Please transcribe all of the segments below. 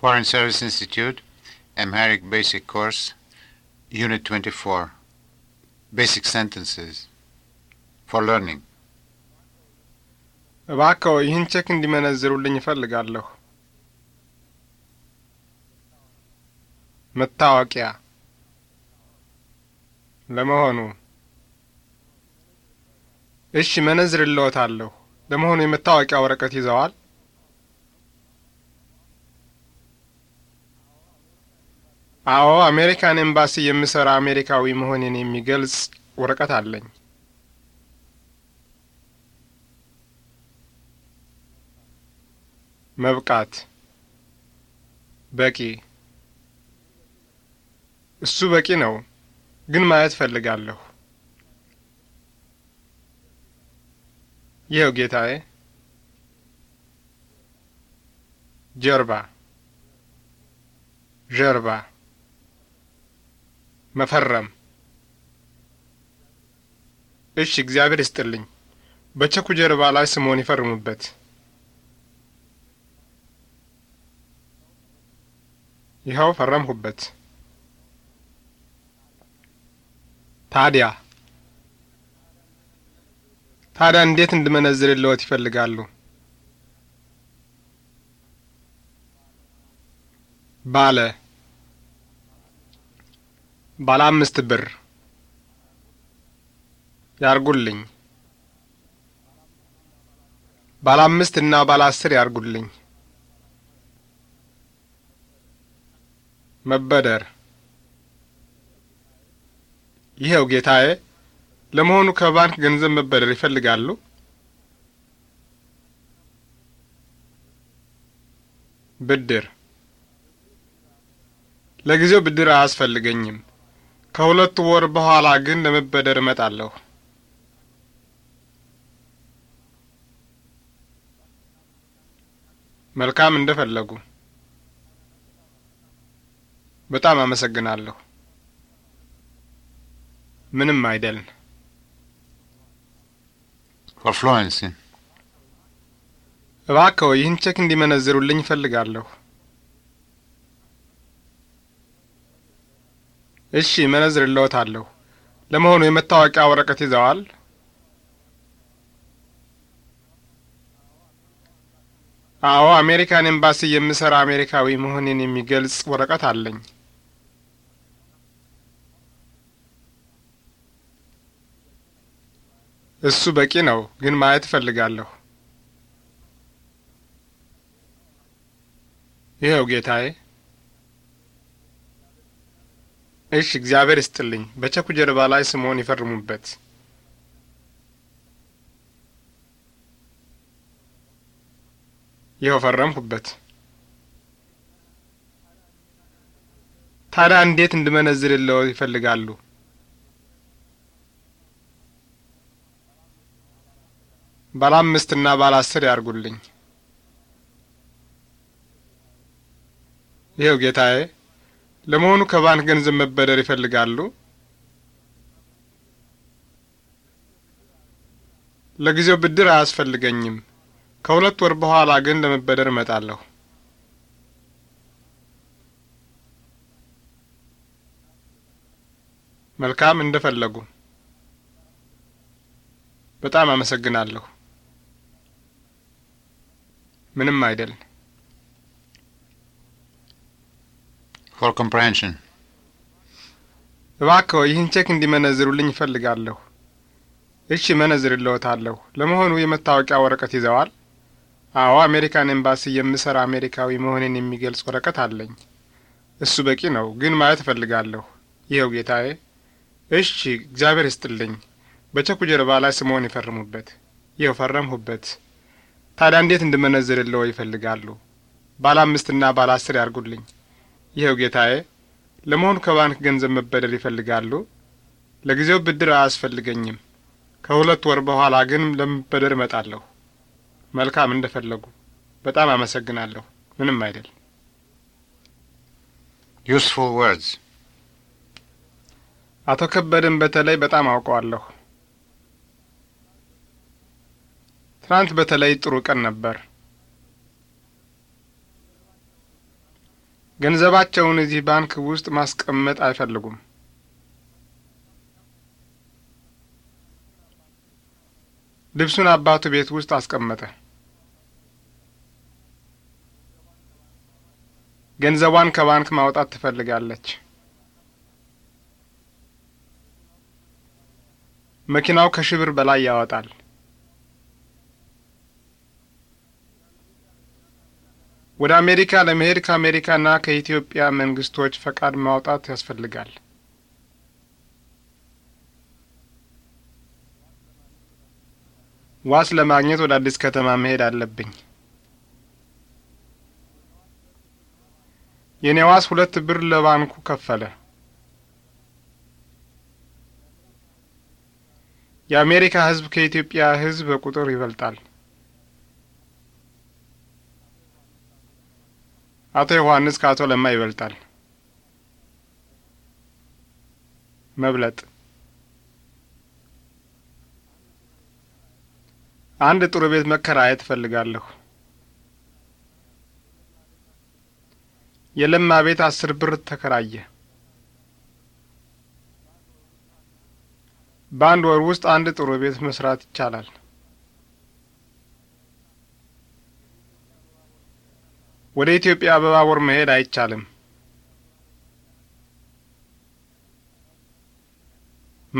Foreign Service Institute, Amharic Basic Course, Unit 24, Basic Sentences for Learning. እባክዎ ይህን ቼክ እንዲመነዝሩልኝ እፈልጋለሁ። መታወቂያ ለመሆኑ እሺ፣ መነዝር ለመሆኑ የመታወቂያ ወረቀት ይዘዋል? አዎ አሜሪካን ኤምባሲ የምሠራ አሜሪካዊ መሆንን የሚገልጽ ወረቀት አለኝ። መብቃት በቂ እሱ በቂ ነው፣ ግን ማየት እፈልጋለሁ። ይኸው ጌታዬ። ጀርባ ጀርባ መፈረም። እሺ፣ እግዚአብሔር ይስጥልኝ። በቸኩ ጀርባ ላይ ስሞን ይፈርሙበት። ይኸው ፈረምሁበት። ታዲያ ታዲያ እንዴት እንድመነዝር ይፈልጋሉ? ባለ ባለ አምስት ብር ያርጉልኝ። ባለ አምስት እና ባለ አስር ያርጉልኝ። መበደር ይኸው ጌታዬ፣ ለመሆኑ ከባንክ ገንዘብ መበደር ይፈልጋሉ? ብድር ለጊዜው ብድር አያስፈልገኝም። ከሁለት ወር በኋላ ግን ለመበደር እመጣለሁ። መልካም እንደፈለጉ። በጣም አመሰግናለሁ። ምንም አይደልን። ፍሎረንስ እባክዎ ይህን ቼክ እንዲመነዝሩልኝ እፈልጋለሁ። እሺ መነዝር እለወታለሁ። ለመሆኑ የመታወቂያ ወረቀት ይዘዋል? አዎ፣ አሜሪካን ኤምባሲ የምሰራ አሜሪካዊ መሆኔን የሚገልጽ ወረቀት አለኝ። እሱ በቂ ነው፣ ግን ማየት እፈልጋለሁ። ይኸው ጌታዬ። እሽ፣ እግዚአብሔር ይስጥልኝ። በቸኩ ጀርባ ላይ ስምዎን ይፈርሙበት። ይኸው ፈረምሁበት። ታዲያ እንዴት እንድመነዝርልዎ ይፈልጋሉ? ባለ አምስት እና ባለ አስር ያርጉልኝ። ይኸው ጌታዬ። ለመሆኑ ከባንክ ገንዘብ መበደር ይፈልጋሉ? ለጊዜው ብድር አያስፈልገኝም። ከሁለት ወር በኋላ ግን ለመበደር እመጣለሁ። መልካም፣ እንደፈለጉ። በጣም አመሰግናለሁ። ምንም አይደል። for comprehension እባክዎ ይህን ቼክ እንዲመነዝሩልኝ ይፈልጋለሁ እሺ መነዝር እለዎታለሁ። ለመሆኑ የመታወቂያ ወረቀት ይዘዋል? አዎ፣ አሜሪካን ኤምባሲ የምሰራ አሜሪካዊ መሆንን የሚገልጽ ወረቀት አለኝ። እሱ በቂ ነው፣ ግን ማየት እፈልጋለሁ። ይኸው ጌታዬ። እሺ፣ እግዚአብሔር ይስጥልኝ። በቸኩ ጀርባ ላይ ስምዎን ይፈርሙበት። ይኸው ፈረምሁበት። ታዲያ እንዴት እንድመነዝርልዎ ይፈልጋሉ? ባለ አምስትና ባለ አስር ያርጉልኝ። ይኸው ጌታዬ፣ ለመሆኑ ከባንክ ገንዘብ መበደር ይፈልጋሉ? ለጊዜው ብድር አያስፈልገኝም። ከሁለት ወር በኋላ ግን ለመበደር እመጣለሁ። መልካም፣ እንደ ፈለጉ። በጣም አመሰግናለሁ። ምንም አይደል። ዩስፉል ወርድስ አቶ ከበደን በተለይ በጣም አውቀዋለሁ። ትናንት በተለይ ጥሩ ቀን ነበር። ገንዘባቸውን እዚህ ባንክ ውስጥ ማስቀመጥ አይፈልጉም። ልብሱን አባቱ ቤት ውስጥ አስቀመጠ። ገንዘቧን ከባንክ ማውጣት ትፈልጋለች። መኪናው ከሺህ ብር በላይ ያወጣል። ወደ አሜሪካ ለመሄድ ከአሜሪካና ከኢትዮጵያ መንግስቶች ፈቃድ ማውጣት ያስፈልጋል። ዋስ ለማግኘት ወደ አዲስ ከተማ መሄድ አለብኝ። የኔ ዋስ ሁለት ብር ለባንኩ ከፈለ። የአሜሪካ ሕዝብ ከኢትዮጵያ ሕዝብ በቁጥር ይበልጣል። አቶ ዮሐንስ ከአቶ ለማ ይበልጣል። መብለጥ አንድ ጥሩ ቤት መከራየት እፈልጋለሁ። የለማ ቤት አስር ብር ተከራየ። በአንድ ወር ውስጥ አንድ ጥሩ ቤት መስራት ይቻላል። ወደ ኢትዮጵያ በባቡር መሄድ አይቻልም።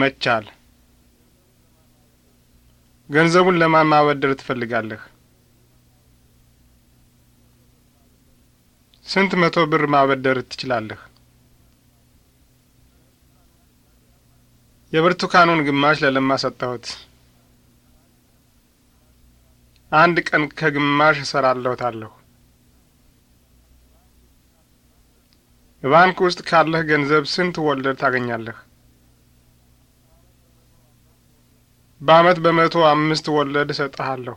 መቻል ገንዘቡን ለማን ማበደር ትፈልጋለህ? ስንት መቶ ብር ማበደር ትችላለህ? የብርቱካኑን ግማሽ ለለማ ሰጠሁት። አንድ ቀን ከግማሽ እሰራለሁታለሁ። ባንክ ውስጥ ካለህ ገንዘብ ስንት ወለድ ታገኛለህ? በአመት በመቶ አምስት ወለድ እሰጥሃለሁ።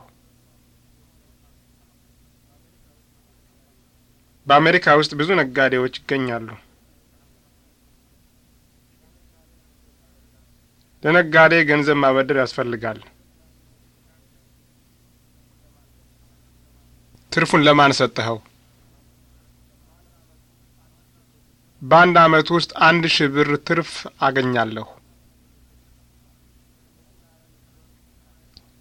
በአሜሪካ ውስጥ ብዙ ነጋዴዎች ይገኛሉ። ለነጋዴ ገንዘብ ማበደር ያስፈልጋል። ትርፉን ለማን ሰጠኸው? በአንድ አመት ውስጥ አንድ ሺህ ብር ትርፍ አገኛለሁ።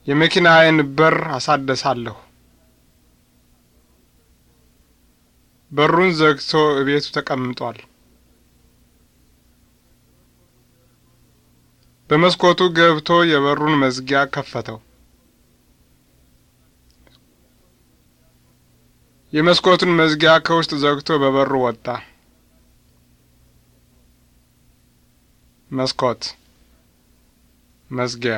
የመኪናዬን በር አሳደሳለሁ። በሩን ዘግቶ እቤቱ ተቀምጧል። በመስኮቱ ገብቶ የበሩን መዝጊያ ከፈተው። የመስኮቱን መዝጊያ ከውስጥ ዘግቶ በበሩ ወጣ። መስኮት መዝጊያ።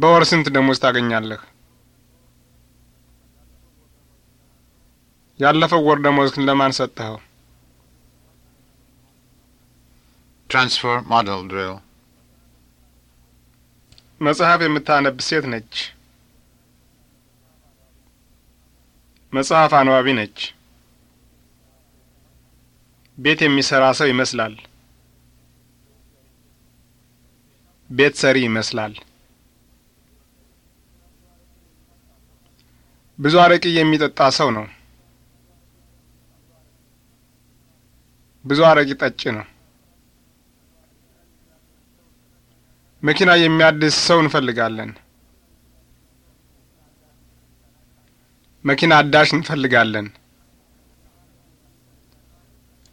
በወር ስንት ደሞዝ ታገኛለህ? ያለፈው ወር ደሞዝህን ለማን ሰጠኸው? ትራንስፈር ሞዴል ድሪል። መጽሐፍ የምታነብ ሴት ነች። መጽሐፍ አንባቢ ነች። ቤት የሚሰራ ሰው ይመስላል። ቤት ሰሪ ይመስላል። ብዙ አረቂ የሚጠጣ ሰው ነው። ብዙ አረቂ ጠጭ ነው። መኪና የሚያድስ ሰው እንፈልጋለን። መኪና አዳሽ እንፈልጋለን።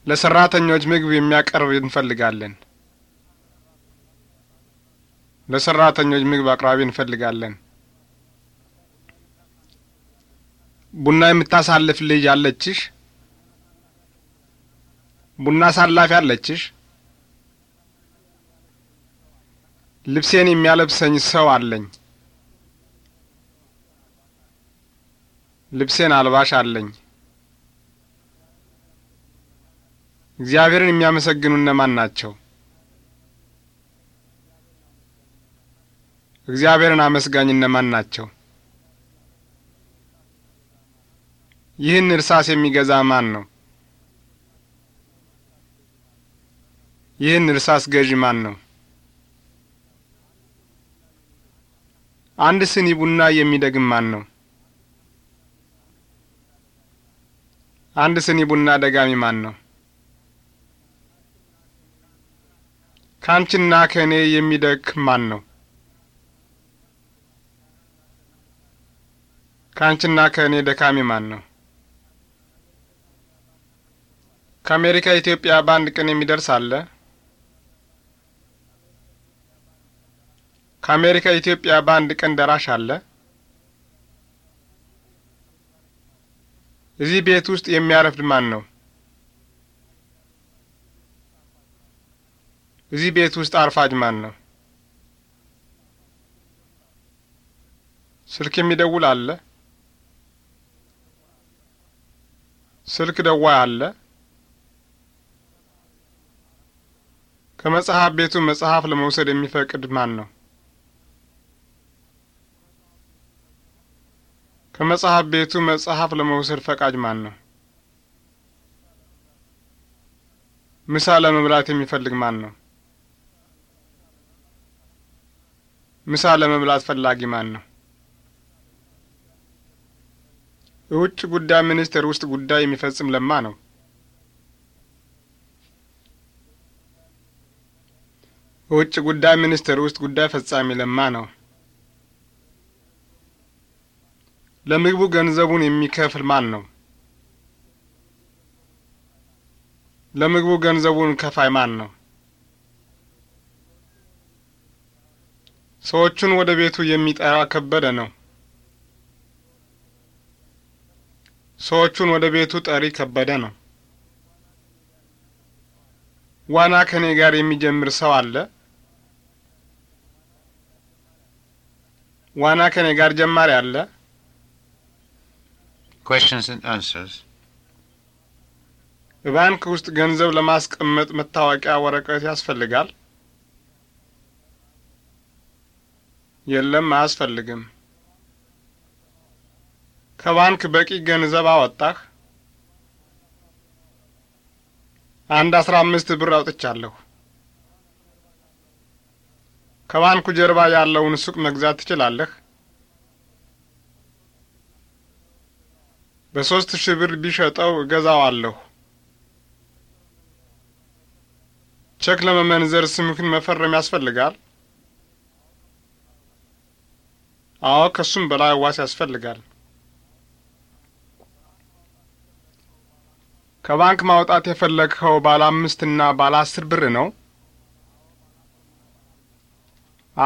ለሰራተኞች ምግብ የሚያቀርብ እንፈልጋለን። ለሰራተኞች ምግብ አቅራቢ እንፈልጋለን። ቡና የምታሳልፍ ልጅ አለችሽ? ቡና አሳላፊ አለችሽ? ልብሴን የሚያለብሰኝ ሰው አለኝ። ልብሴን አልባሽ አለኝ። እግዚአብሔርን የሚያመሰግኑ እነማን ናቸው? እግዚአብሔርን አመስጋኝ እነማን ናቸው? ይህን እርሳስ የሚገዛ ማን ነው? ይህን እርሳስ ገዢ ማን ነው? አንድ ስኒ ቡና የሚደግም ማን ነው? አንድ ስኒ ቡና ደጋሚ ማን ነው? ካንቺና ከእኔ የሚደግ ማን ነው? ከአንቺና ከእኔ ደካሚ ማን ነው? ከአሜሪካ ኢትዮጵያ በአንድ ቀን የሚደርስ አለ? ከአሜሪካ ኢትዮጵያ በአንድ ቀን ደራሽ አለ? እዚህ ቤት ውስጥ የሚያረፍድ ማን ነው? እዚህ ቤት ውስጥ አርፋጅ ማን ነው? ስልክ የሚደውል አለ? ስልክ ደዋ አለ? ከመጽሐፍ ቤቱ መጽሐፍ ለመውሰድ የሚፈቅድ ማን ነው? ከመጽሐፍ ቤቱ መጽሐፍ ለመውሰድ ፈቃጅ ማን ነው? ምሳ ለመብላት የሚፈልግ ማን ነው? ምሳ ለመብላት ፈላጊ ማን ነው? የውጭ ጉዳይ ሚኒስቴር ውስጥ ጉዳይ የሚፈጽም ለማ ነው። የውጭ ጉዳይ ሚኒስቴር ውስጥ ጉዳይ ፈጻሚ ለማ ነው። ለምግቡ ገንዘቡን የሚከፍል ማን ነው? ለምግቡ ገንዘቡን ከፋይ ማን ነው? ሰዎቹን ወደ ቤቱ የሚጠራ ከበደ ነው። ሰዎቹን ወደ ቤቱ ጠሪ ከበደ ነው። ዋና ከኔ ጋር የሚጀምር ሰው አለ? ዋና ከኔ ጋር ጀማሪ አለ? ባንክ ውስጥ ገንዘብ ለማስቀመጥ መታወቂያ ወረቀት ያስፈልጋል? የለም፣ አያስፈልግም። ከባንክ በቂ ገንዘብ አወጣህ? አንድ አስራ አምስት ብር አውጥቻለሁ። ከባንኩ ጀርባ ያለውን ሱቅ መግዛት ትችላለህ? በሦስት ሺህ ብር ቢሸጠው እገዛዋለሁ። ቼክ ለመመንዘር ስምህን መፈረም ያስፈልጋል? አዎ፣ ከሱም በላይ ዋስ ያስፈልጋል። ከባንክ ማውጣት የፈለግኸው ባለ አምስት እና ባለ አስር ብር ነው?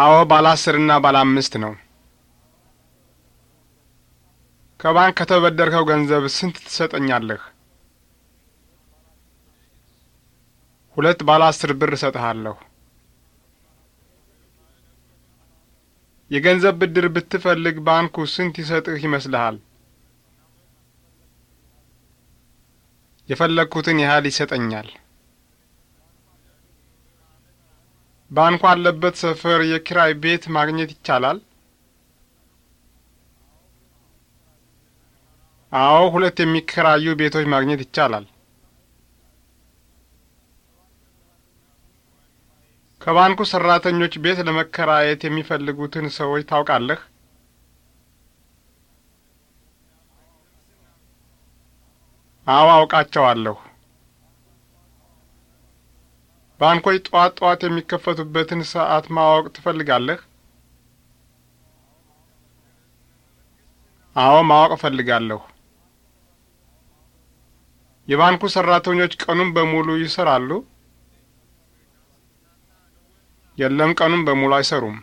አዎ፣ ባለ አስር እና ባለ አምስት ነው። ከባንክ ከተበደርከው ገንዘብ ስንት ትሰጠኛለህ? ሁለት ባለ አስር ብር እሰጥሃለሁ። የገንዘብ ብድር ብትፈልግ ባንኩ ስንት ይሰጥህ ይመስልሃል? የፈለግኩትን ያህል ይሰጠኛል። ባንኩ አለበት ሰፈር የኪራይ ቤት ማግኘት ይቻላል? አዎ፣ ሁለት የሚከራዩ ቤቶች ማግኘት ይቻላል። ከባንኩ ሰራተኞች ቤት ለመከራየት የሚፈልጉትን ሰዎች ታውቃለህ? አዎ አውቃቸዋለሁ። ባንኮች ጠዋት ጠዋት የሚከፈቱበትን ሰዓት ማወቅ ትፈልጋለህ? አዎ ማወቅ እፈልጋለሁ። የባንኩ ሰራተኞች ቀኑን በሙሉ ይሰራሉ? የለም፣ ቀኑን በሙሉ አይሰሩም።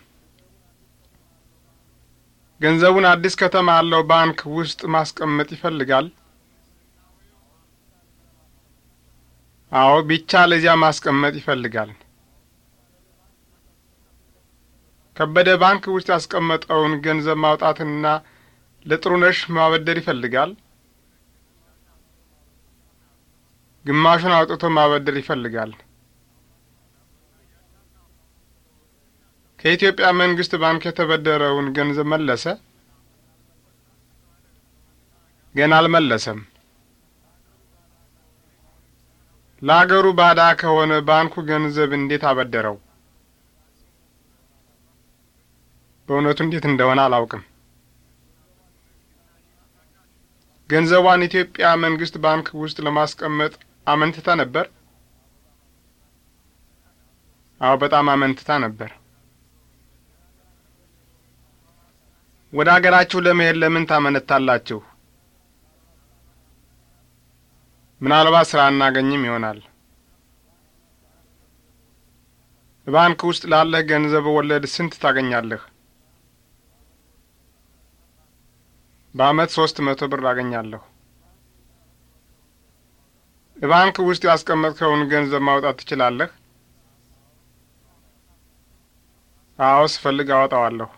ገንዘቡን አዲስ ከተማ ያለው ባንክ ውስጥ ማስቀመጥ ይፈልጋል? አዎ ቢቻ ለዚያ ማስቀመጥ ይፈልጋል። ከበደ ባንክ ውስጥ ያስቀመጠውን ገንዘብ ማውጣትና ለጥሩነሽ ማበደር ይፈልጋል። ግማሹን አውጥቶ ማበደር ይፈልጋል። ከኢትዮጵያ መንግስት ባንክ የተበደረውን ገንዘብ መለሰ? ገና አልመለሰም። ለአገሩ ባዳ ከሆነ ባንኩ ገንዘብ እንዴት አበደረው? በእውነቱ እንዴት እንደሆነ አላውቅም። ገንዘቧን ኢትዮጵያ መንግስት ባንክ ውስጥ ለማስቀመጥ አመንትታ ነበር? አዎ፣ በጣም አመንትታ ነበር። ወደ አገራችሁ ለመሄድ ለምን ታመነታላችሁ? ምናልባት ስራ አናገኝም ይሆናል። ባንክ ውስጥ ላለህ ገንዘብ ወለድ ስንት ታገኛለህ? በአመት ሶስት መቶ ብር አገኛለሁ። ባንክ ውስጥ ያስቀመጥከውን ገንዘብ ማውጣት ትችላለህ? አዎ፣ ስፈልግ አወጣዋለሁ።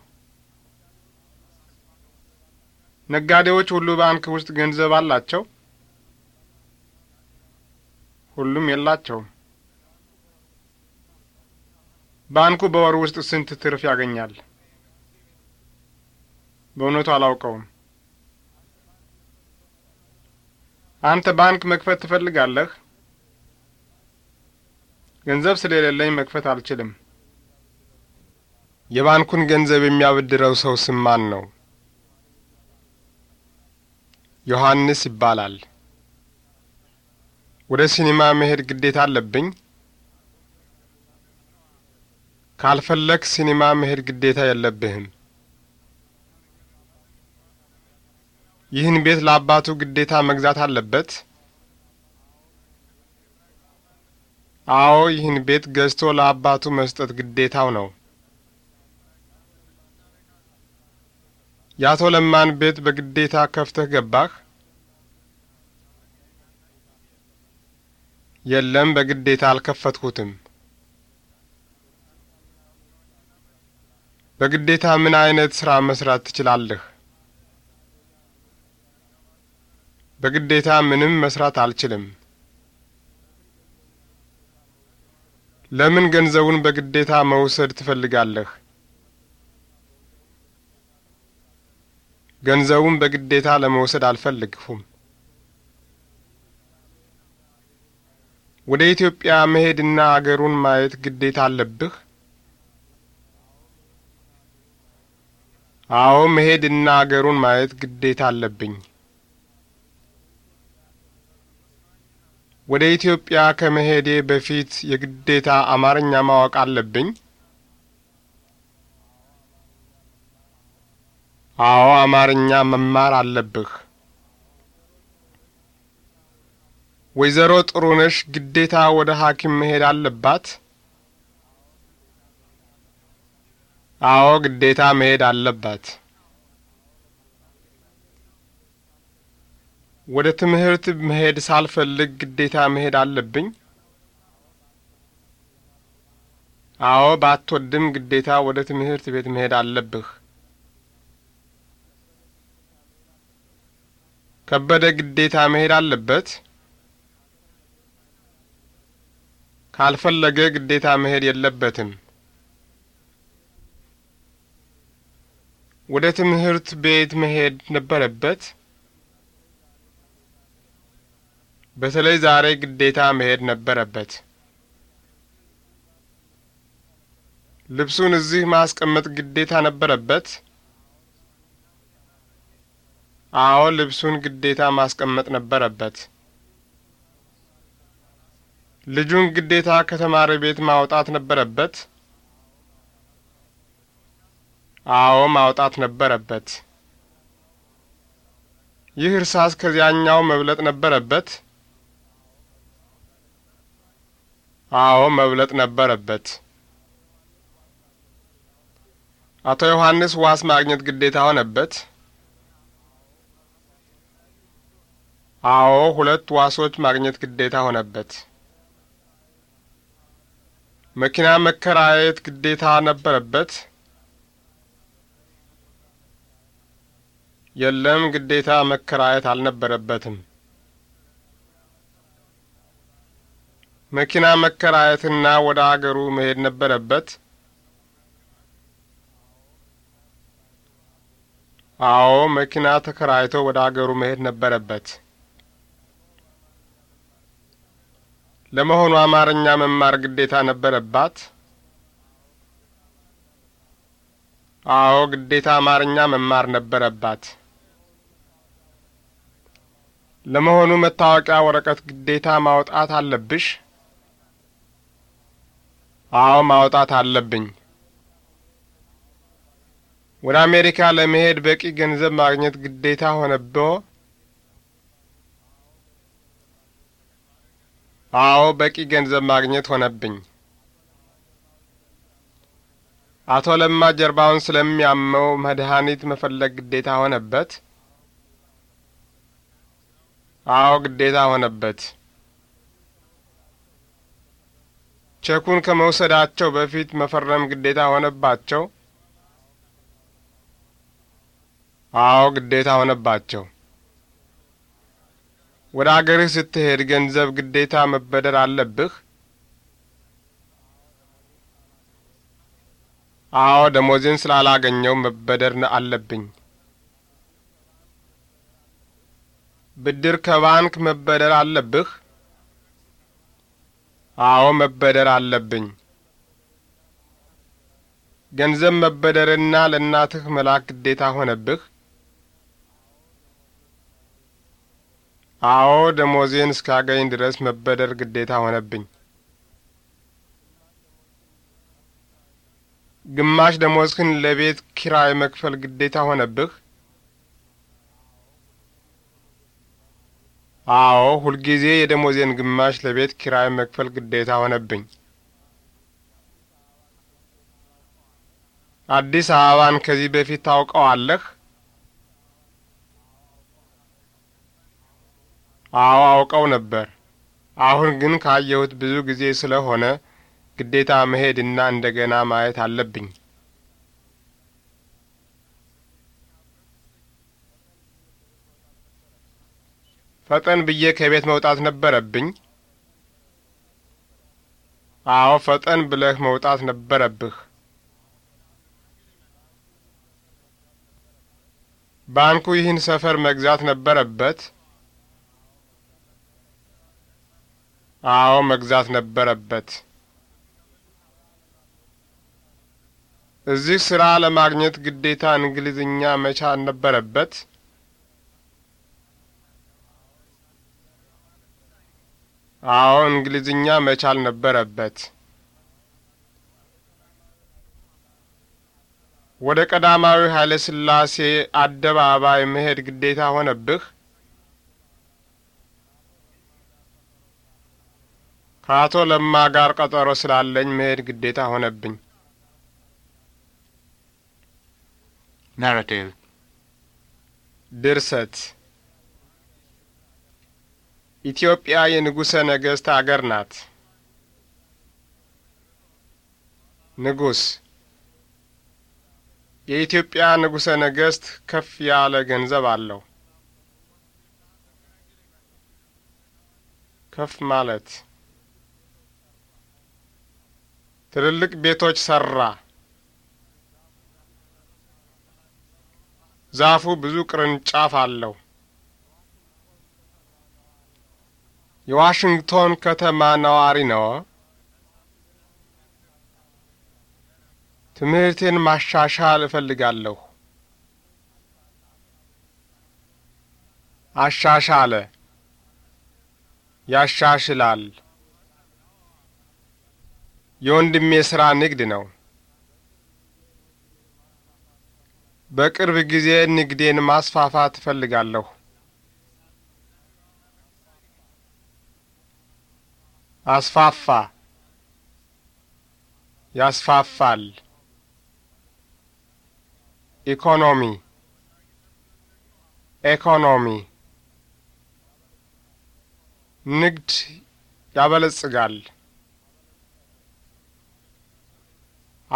ነጋዴዎች ሁሉ ባንክ ውስጥ ገንዘብ አላቸው? ሁሉም የላቸውም። ባንኩ በወር ውስጥ ስንት ትርፍ ያገኛል? በእውነቱ አላውቀውም። አንተ ባንክ መክፈት ትፈልጋለህ? ገንዘብ ስለሌለኝ መክፈት አልችልም። የባንኩን ገንዘብ የሚያበድረው ሰው ስም ማን ነው? ዮሐንስ ይባላል። ወደ ሲኒማ መሄድ ግዴታ አለብኝ? ካልፈለግ ሲኒማ መሄድ ግዴታ የለብህም። ይህን ቤት ለአባቱ ግዴታ መግዛት አለበት? አዎ፣ ይህን ቤት ገዝቶ ለአባቱ መስጠት ግዴታው ነው። የአቶ ለማን ቤት በግዴታ ከፍተህ ገባህ? የለም፣ በግዴታ አልከፈትኩትም። በግዴታ ምን አይነት ስራ መስራት ትችላለህ? በግዴታ ምንም መስራት አልችልም። ለምን ገንዘቡን በግዴታ መውሰድ ትፈልጋለህ? ገንዘቡን በግዴታ ለመውሰድ አልፈልግሁም። ወደ ኢትዮጵያ መሄድና አገሩን ማየት ግዴታ አለብህ? አዎ፣ መሄድና አገሩን ማየት ግዴታ አለብኝ። ወደ ኢትዮጵያ ከመሄዴ በፊት የግዴታ አማርኛ ማወቅ አለብኝ? አዎ፣ አማርኛ መማር አለብህ። ወይዘሮ ጥሩነሽ ግዴታ ወደ ሐኪም መሄድ አለባት? አዎ ግዴታ መሄድ አለባት። ወደ ትምህርት መሄድ ሳልፈልግ ግዴታ መሄድ አለብኝ? አዎ ባትወድም ግዴታ ወደ ትምህርት ቤት መሄድ አለብህ። ከበደ ግዴታ መሄድ አለበት? ካልፈለገ ግዴታ መሄድ የለበትም። ወደ ትምህርት ቤት መሄድ ነበረበት። በተለይ ዛሬ ግዴታ መሄድ ነበረበት። ልብሱን እዚህ ማስቀመጥ ግዴታ ነበረበት። አዎ፣ ልብሱን ግዴታ ማስቀመጥ ነበረበት። ልጁን ግዴታ ከተማሪ ቤት ማውጣት ነበረበት? አዎ ማውጣት ነበረበት። ይህ እርሳስ ከዚያኛው መብለጥ ነበረበት? አዎ መብለጥ ነበረበት። አቶ ዮሐንስ ዋስ ማግኘት ግዴታ ሆነበት? አዎ ሁለት ዋሶች ማግኘት ግዴታ ሆነበት። መኪና መከራየት ግዴታ ነበረበት? የለም፣ ግዴታ መከራየት አልነበረበትም። መኪና መከራየትና ወደ አገሩ መሄድ ነበረበት? አዎ፣ መኪና ተከራይቶ ወደ አገሩ መሄድ ነበረበት። ለመሆኑ አማርኛ መማር ግዴታ ነበረባት? አዎ፣ ግዴታ አማርኛ መማር ነበረባት። ለመሆኑ መታወቂያ ወረቀት ግዴታ ማውጣት አለብሽ? አዎ፣ ማውጣት አለብኝ። ወደ አሜሪካ ለመሄድ በቂ ገንዘብ ማግኘት ግዴታ ሆነብዎ? አዎ በቂ ገንዘብ ማግኘት ሆነብኝ። አቶ ለማ ጀርባውን ስለሚያመው መድኃኒት መፈለግ ግዴታ ሆነበት። አዎ ግዴታ ሆነበት። ቼኩን ከመውሰዳቸው በፊት መፈረም ግዴታ ሆነባቸው። አዎ ግዴታ ሆነባቸው። ወደ አገርህ ስትሄድ ገንዘብ ግዴታ መበደር አለብህ? አዎ፣ ደሞዜን ስላላገኘው መበደር አለብኝ። ብድር ከባንክ መበደር አለብህ? አዎ፣ መበደር አለብኝ። ገንዘብ መበደርና ለእናትህ መላክ ግዴታ ሆነብህ? አዎ ደሞዜን እስካገኝ ድረስ መበደር ግዴታ ሆነብኝ። ግማሽ ደሞዝህን ለቤት ኪራይ መክፈል ግዴታ ሆነብህ? አዎ፣ ሁልጊዜ የደሞዜን ግማሽ ለቤት ኪራይ መክፈል ግዴታ ሆነብኝ። አዲስ አበባን ከዚህ በፊት ታውቀዋለህ? አዎ አውቀው ነበር። አሁን ግን ካየሁት ብዙ ጊዜ ስለሆነ ግዴታ መሄድና እንደገና ማየት አለብኝ። ፈጠን ብዬ ከቤት መውጣት ነበረብኝ። አዎ ፈጠን ብለህ መውጣት ነበረብህ። ባንኩ ይህን ሰፈር መግዛት ነበረበት። አዎ መግዛት ነበረበት። እዚህ ስራ ለማግኘት ግዴታ እንግሊዝኛ መቻል ነበረበት። አዎ እንግሊዝኛ መቻል ነበረበት። ወደ ቀዳማዊ ኃይለ ሥላሴ አደባባይ መሄድ ግዴታ ሆነብህ? ከአቶ ለማ ጋር ቀጠሮ ስላለኝ መሄድ ግዴታ ሆነብኝ። ናራቲቭ ድርሰት ኢትዮጵያ የንጉሠ ነገሥት አገር ናት። ንጉሥ የኢትዮጵያ ንጉሠ ነገሥት ከፍ ያለ ገንዘብ አለው። ከፍ ማለት ትልልቅ ቤቶች ሰራ። ዛፉ ብዙ ቅርንጫፍ አለው። የዋሽንግቶን ከተማ ነዋሪ ነው። ትምህርቴን ማሻሻል እፈልጋለሁ። አሻሻለ፣ ያሻሽላል። የወንድሜ ሥራ ንግድ ነው። በቅርብ ጊዜ ንግዴን ማስፋፋት እፈልጋለሁ። አስፋፋ፣ ያስፋፋል። ኢኮኖሚ፣ ኢኮኖሚ፣ ንግድ ያበለጽጋል።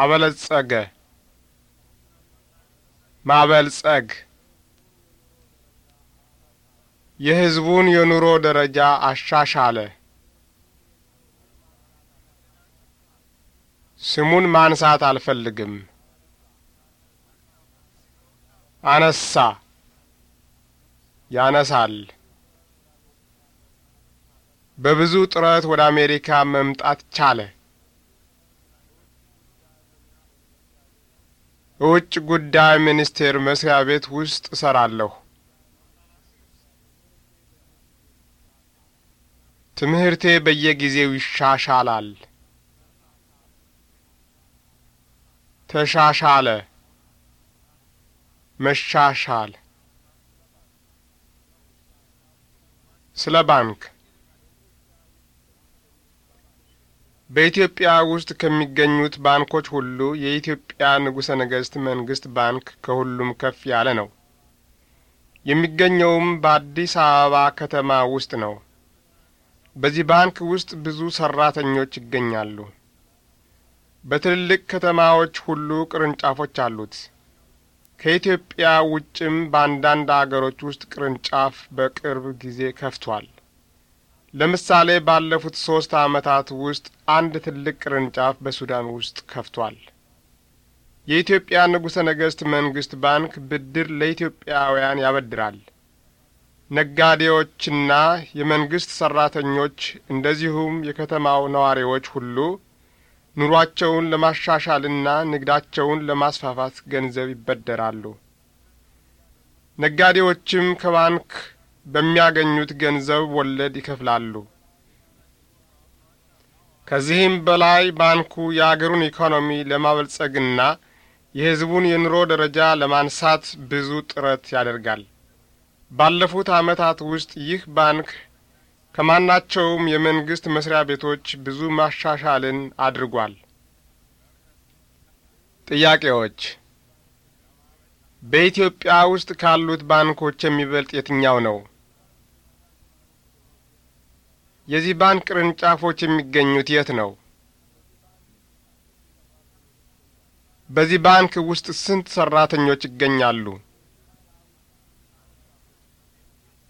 አበለጸገ ማበልጸግ የሕዝቡን የኑሮ ደረጃ አሻሻለ። ስሙን ማንሳት አልፈልግም። አነሳ፣ ያነሳል። በብዙ ጥረት ወደ አሜሪካ መምጣት ቻለ። ውጭ ጉዳይ ሚኒስቴር መስሪያ ቤት ውስጥ እሰራለሁ። ትምህርቴ በየጊዜው ይሻሻላል። ተሻሻለ፣ መሻሻል። ስለ ባንክ በኢትዮጵያ ውስጥ ከሚገኙት ባንኮች ሁሉ የኢትዮጵያ ንጉሠ ነገሥት መንግሥት ባንክ ከሁሉም ከፍ ያለ ነው። የሚገኘውም በአዲስ አበባ ከተማ ውስጥ ነው። በዚህ ባንክ ውስጥ ብዙ ሠራተኞች ይገኛሉ። በትልልቅ ከተማዎች ሁሉ ቅርንጫፎች አሉት። ከኢትዮጵያ ውጭም በአንዳንድ አገሮች ውስጥ ቅርንጫፍ በቅርብ ጊዜ ከፍቷል። ለምሳሌ ባለፉት ሶስት ዓመታት ውስጥ አንድ ትልቅ ቅርንጫፍ በሱዳን ውስጥ ከፍቷል። የኢትዮጵያ ንጉሠ ነገሥት መንግሥት ባንክ ብድር ለኢትዮጵያውያን ያበድራል። ነጋዴዎችና የመንግሥት ሠራተኞች እንደዚሁም የከተማው ነዋሪዎች ሁሉ ኑሯቸውን ለማሻሻልና ንግዳቸውን ለማስፋፋት ገንዘብ ይበደራሉ። ነጋዴዎችም ከባንክ በሚያገኙት ገንዘብ ወለድ ይከፍላሉ። ከዚህም በላይ ባንኩ የአገሩን ኢኮኖሚ ለማበልጸግና የሕዝቡን የኑሮ ደረጃ ለማንሳት ብዙ ጥረት ያደርጋል። ባለፉት ዓመታት ውስጥ ይህ ባንክ ከማናቸውም የመንግሥት መስሪያ ቤቶች ብዙ ማሻሻልን አድርጓል። ጥያቄዎች በኢትዮጵያ ውስጥ ካሉት ባንኮች የሚበልጥ የትኛው ነው? የዚህ ባንክ ቅርንጫፎች የሚገኙት የት ነው? በዚህ ባንክ ውስጥ ስንት ሰራተኞች ይገኛሉ?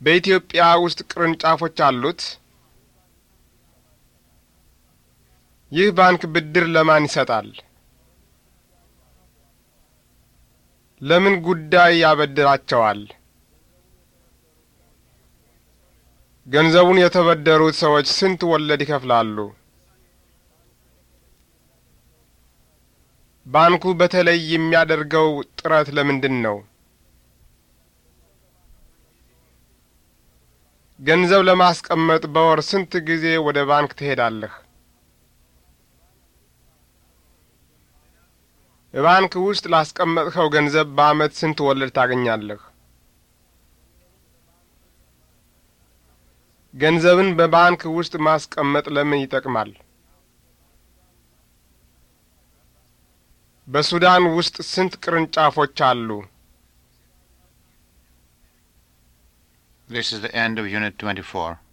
በኢትዮጵያ ውስጥ ቅርንጫፎች አሉት? ይህ ባንክ ብድር ለማን ይሰጣል? ለምን ጉዳይ ያበድራቸዋል? ገንዘቡን የተበደሩት ሰዎች ስንት ወለድ ይከፍላሉ? ባንኩ በተለይ የሚያደርገው ጥረት ለምንድን ነው? ገንዘብ ለማስቀመጥ በወር ስንት ጊዜ ወደ ባንክ ትሄዳለህ? ባንክ ውስጥ ላስቀመጥኸው ገንዘብ በዓመት ስንት ወለድ ታገኛለህ? ገንዘብን በባንክ ውስጥ ማስቀመጥ ለምን ይጠቅማል? በሱዳን ውስጥ ስንት ቅርንጫፎች አሉ? This is the end of Unit 24.